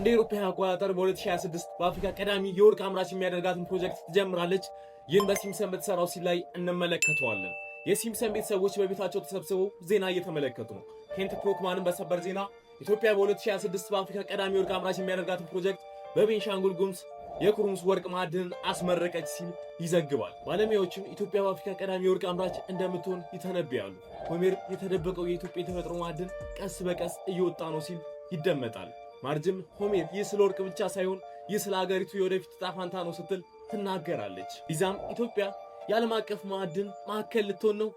እንደ ኢሮፓውያን አቆጣጠር በ2026 በአፍሪካ ቀዳሚ የወርቅ አምራች የሚያደርጋትን ፕሮጀክት ትጀምራለች። ይህን በሲምሰን በተሰራው ሲል ላይ እንመለከተዋለን። የሲምሰን ቤተሰቦች በቤታቸው ተሰብስበው ዜና እየተመለከቱ ነው። ኬንት ክሮክማንም በሰበር ዜና ኢትዮጵያ በ2026 በአፍሪካ ቀዳሚ ወርቅ አምራች የሚያደርጋትን ፕሮጀክት በቤንሻንጉል ጉሙዝ የኩርሙስ ወርቅ ማዕድንን አስመረቀች ሲል ይዘግባል። ባለሙያዎችም ኢትዮጵያ በአፍሪካ ቀዳሚ ወርቅ አምራች እንደምትሆን ይተነብያሉ። ሆሜር የተደበቀው የኢትዮጵያ የተፈጥሮ ማዕድን ቀስ በቀስ እየወጣ ነው ሲል ይደመጣል። ማርጅም ሆሜር ይህ ስለ ወርቅ ብቻ ሳይሆን ይህ ስለ አገሪቱ የወደፊት ጣፋንታ ፈንታ ነው ስትል ትናገራለች። ቢዛም ኢትዮጵያ የዓለም አቀፍ ማዕድን ማዕከል ልትሆን ነው፣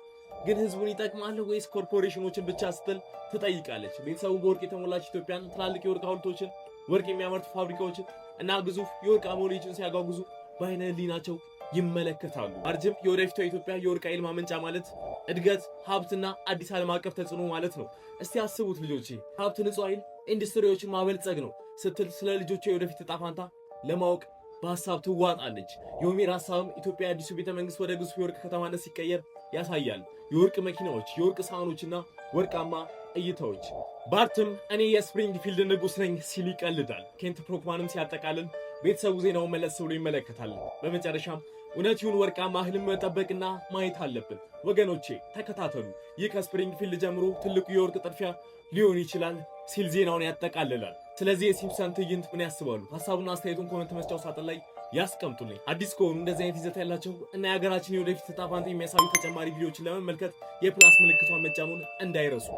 ግን ህዝቡን ይጠቅማል ወይስ ኮርፖሬሽኖችን ብቻ ስትል ትጠይቃለች። ቤተሰቡ በወርቅ የተሞላች ኢትዮጵያን፣ ትላልቅ የወርቅ ሐውልቶችን፣ ወርቅ የሚያመርቱ ፋብሪካዎችን እና ግዙፍ የወርቅ አሞሌዎችን ሲያጓጉዙ በአይነ ህሊናቸው ይመለከታሉ። አርጅም የወደፊቷ ኢትዮጵያ የወርቅ ኃይል ማመንጫ ማለት እድገት፣ ሀብትና አዲስ ዓለም አቀፍ ተጽዕኖ ማለት ነው። እስቲ አስቡት ልጆቼ ሀብት፣ ንጹህ ኃይል ኢንዱስትሪዎችን ማበልጸግ ነው ስትል ስለ ልጆቿ የወደፊት ዕጣ ፈንታ ለማወቅ በሀሳብ ትዋጣለች። የሆሜር ሀሳብም ኢትዮጵያ አዲሱ ቤተመንግስት ወደ ግዙፍ የወርቅ ከተማነት ሲቀየር ያሳያል። የወርቅ መኪናዎች፣ የወርቅ ሳህኖችና ወርቃማ እይታዎች። ባርትም እኔ የስፕሪንግ ፊልድ ንጉሥ ነኝ ሲል ይቀልዳል። ኬንት ፕሮክማንም ሲያጠቃልል ቤተሰቡ ዜናውን መለስ ብሎ ይመለከታል። በመጨረሻም እውነቱን ወርቃማ ህልም መጠበቅና ማየት አለብን። ወገኖቼ ተከታተሉ። ይህ ከስፕሪንግ ፊልድ ጀምሮ ትልቁ የወርቅ ጥድፊያ ሊሆን ይችላል ሲል ዜናውን ያጠቃልላል። ስለዚህ የሲምፕሰን ትዕይንት ምን ያስባሉ? ሀሳቡና አስተያየቱን ኮመንት መስጫው ሳጥን ላይ ያስቀምጡልኝ። አዲስ ከሆኑ እንደዚህ አይነት ይዘት ያላቸው እና የሀገራችን የወደፊት ተጣፋንት የሚያሳዩ ተጨማሪ ቪዲዮዎችን ለመመልከት የፕላስ ምልክቷን መጫኑን እንዳይረሱ።